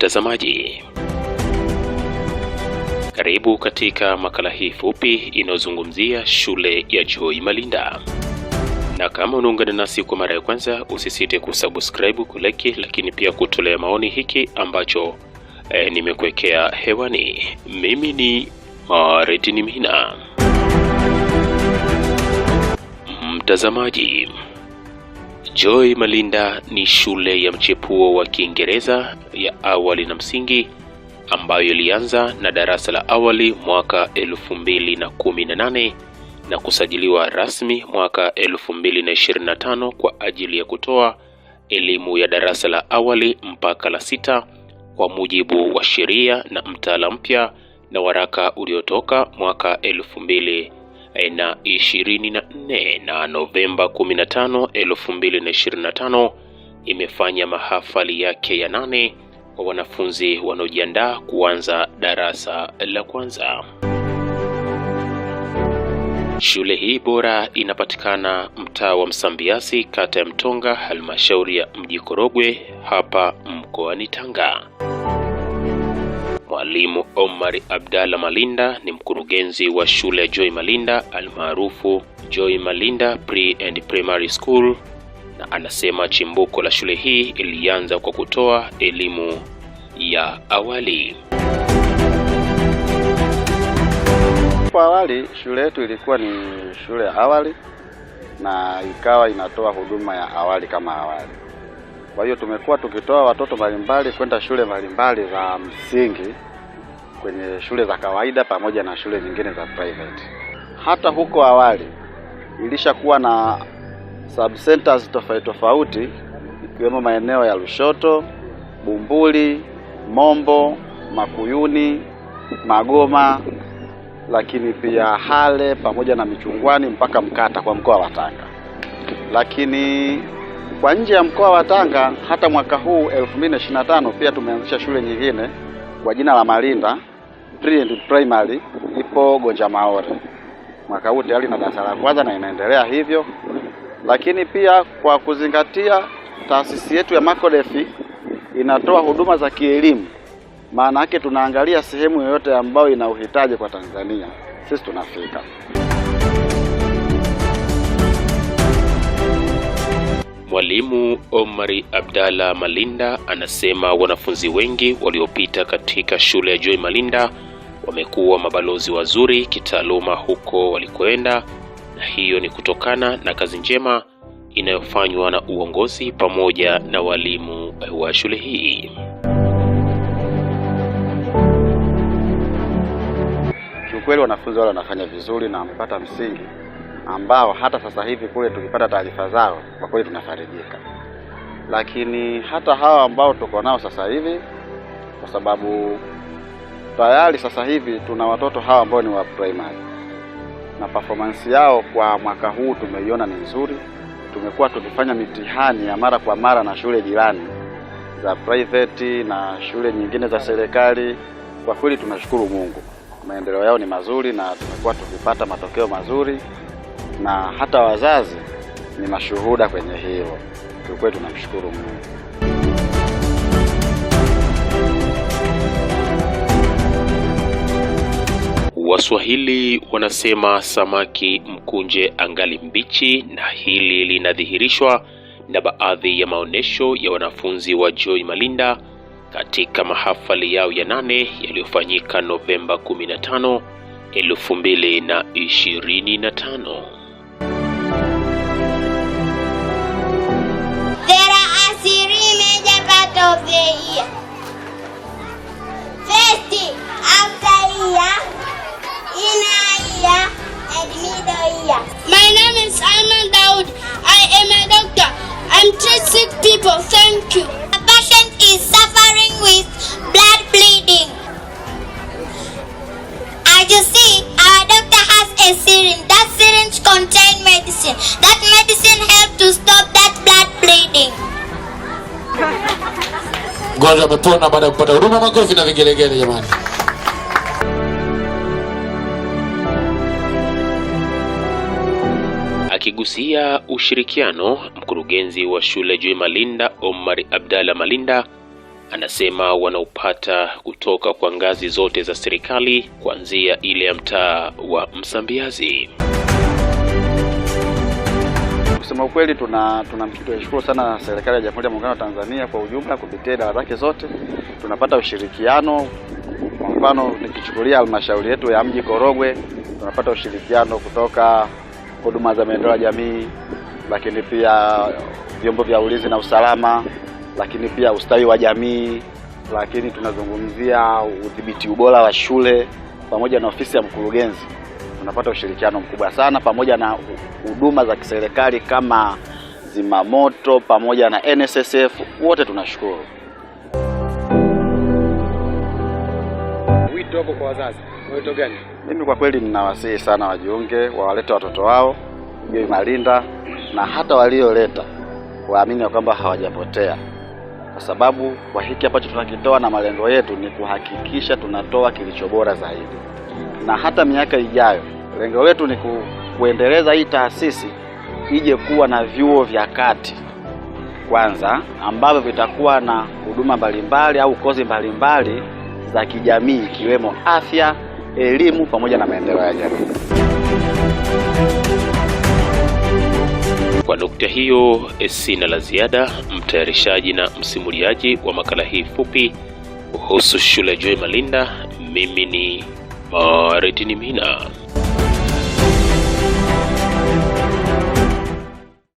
mtazamaji, karibu katika makala hii fupi inayozungumzia shule ya Joy Malinda, na kama unaungana nasi kwa mara ya kwanza, usisite kusubscribe, kuleki, lakini pia kutolea maoni hiki ambacho eh, nimekuwekea hewani. Mimi ni Martin Mhina, mtazamaji. Joy Malinda ni shule ya mchepuo wa Kiingereza ya awali na msingi ambayo ilianza na darasa la awali mwaka 2018 na kusajiliwa rasmi mwaka 2025 kwa ajili ya kutoa elimu ya darasa la awali mpaka la sita kwa mujibu wa sheria na mtaala mpya na waraka uliotoka mwaka 2000 Eh, na 24 na Novemba 15, 2025 imefanya mahafali yake ya nane kwa wanafunzi wanaojiandaa kuanza darasa la kwanza. Shule hii bora inapatikana mtaa wa Msambiasi, kata ya Mtonga, halmashauri ya mji Korogwe, hapa mkoani Tanga. Mwalimu Omar Abdalla Malinda ni mkurugenzi wa shule ya Joy Malinda almaarufu Joy Malinda Pre and Primary School, na anasema chimbuko la shule hii ilianza kwa kutoa elimu ya awali. Kwa awali shule yetu ilikuwa ni shule ya awali na ikawa inatoa huduma ya awali kama awali. Kwa hiyo tumekuwa tukitoa watoto mbalimbali kwenda shule mbalimbali za msingi kwenye shule za kawaida pamoja na shule nyingine za private. Hata huko awali ilishakuwa na centers tofauti tofauti ikiwemo maeneo ya Lushoto, Bumbuli, Mombo, Makuyuni, Magoma, lakini pia Hale pamoja na Michungwani mpaka Mkata kwa mkoa wa Tanga. Lakini kwa nje ya mkoa wa Tanga hata mwaka huu 2025 pia tumeanzisha shule nyingine kwa jina la Malinda Brilliant primary ipo Gonja Maore mwaka huu tayari na darasa la kwanza na inaendelea hivyo, lakini pia kwa kuzingatia taasisi yetu ya Makodefi inatoa huduma za kielimu, maana yake tunaangalia sehemu yoyote ambayo ina uhitaji kwa Tanzania, sisi tunafika. Mwalimu Omari Abdalla Malinda anasema wanafunzi wengi waliopita katika shule ya Joy Malinda wamekuwa mabalozi wazuri kitaaluma huko walikoenda, na hiyo ni kutokana na kazi njema inayofanywa na uongozi pamoja na walimu wa shule hii. Kiukweli wanafunzi wale wanafanya vizuri na wamepata msingi ambao hata sasa hivi kule tukipata taarifa zao kwa kweli tunafarijika, lakini hata hawa ambao tuko nao sasa hivi, kwa sababu tayari sasa hivi tuna watoto hawa ambao ni wa primary na performance yao kwa mwaka huu tumeiona ni nzuri. Tumekuwa tukifanya mitihani ya mara kwa mara na shule jirani za private na shule nyingine za serikali. Kwa kweli tunashukuru Mungu, maendeleo yao ni mazuri na tumekuwa tukipata matokeo mazuri na hata wazazi ni mashuhuda kwenye hilo. Kiukweli tunamshukuru Mungu. Waswahili wanasema samaki mkunje angali mbichi, na hili linadhihirishwa na baadhi ya maonesho ya wanafunzi wa Joy Malinda katika mahafali yao ya nane yaliyofanyika Novemba 15, 2025. doctor, thank you. The patient is suffering with blood bleeding. As you see, our doctor has a syringe. That syringe contains medicine. That medicine helps to stop that blood bleeding. Mgonjwa amepona baada ya kupata huduma. Makofi na vigelegele jamani. Akigusia ushirikiano, mkurugenzi wa shule Joy Malinda, Omar Abdalla Malinda, anasema wanaupata kutoka kwa ngazi zote za serikali kuanzia ile ya mtaa wa Msambiazi. Kusema ukweli, tuna tunamshukuru sana serikali ya Jamhuri ya Muungano wa Tanzania kwa ujumla kupitia idara zake zote, tunapata ushirikiano. Kwa mfano, nikichukulia halmashauri yetu ya mji Korogwe, tunapata ushirikiano kutoka huduma za maendeleo ya jamii, lakini pia vyombo vya ulinzi na usalama, lakini pia ustawi wa jamii, lakini tunazungumzia udhibiti ubora wa shule pamoja na ofisi ya mkurugenzi. Tunapata ushirikiano mkubwa sana, pamoja na huduma za kiserikali kama zimamoto pamoja na NSSF, wote tunashukuru. Wito wako kwa wazazi Wito gani? Mimi kwa kweli ninawasihi sana wajiunge, wawalete watoto wao juu Malinda, na hata walioleta waamini ya kwamba hawajapotea, kwa sababu kwa hiki ambacho tunakitoa na malengo yetu ni kuhakikisha tunatoa kilicho bora zaidi, na hata miaka ijayo lengo letu ni ku, kuendeleza hii taasisi ije kuwa na vyuo vya kati kwanza ambavyo vitakuwa na huduma mbalimbali au kozi mbalimbali za kijamii ikiwemo afya elimu pamoja na maendeleo ya jamii. Kwa nukta hiyo sina la ziada. Mtayarishaji na msimuliaji wa makala hii fupi kuhusu Shule Joy Malinda, mimi ni Maretini Mina.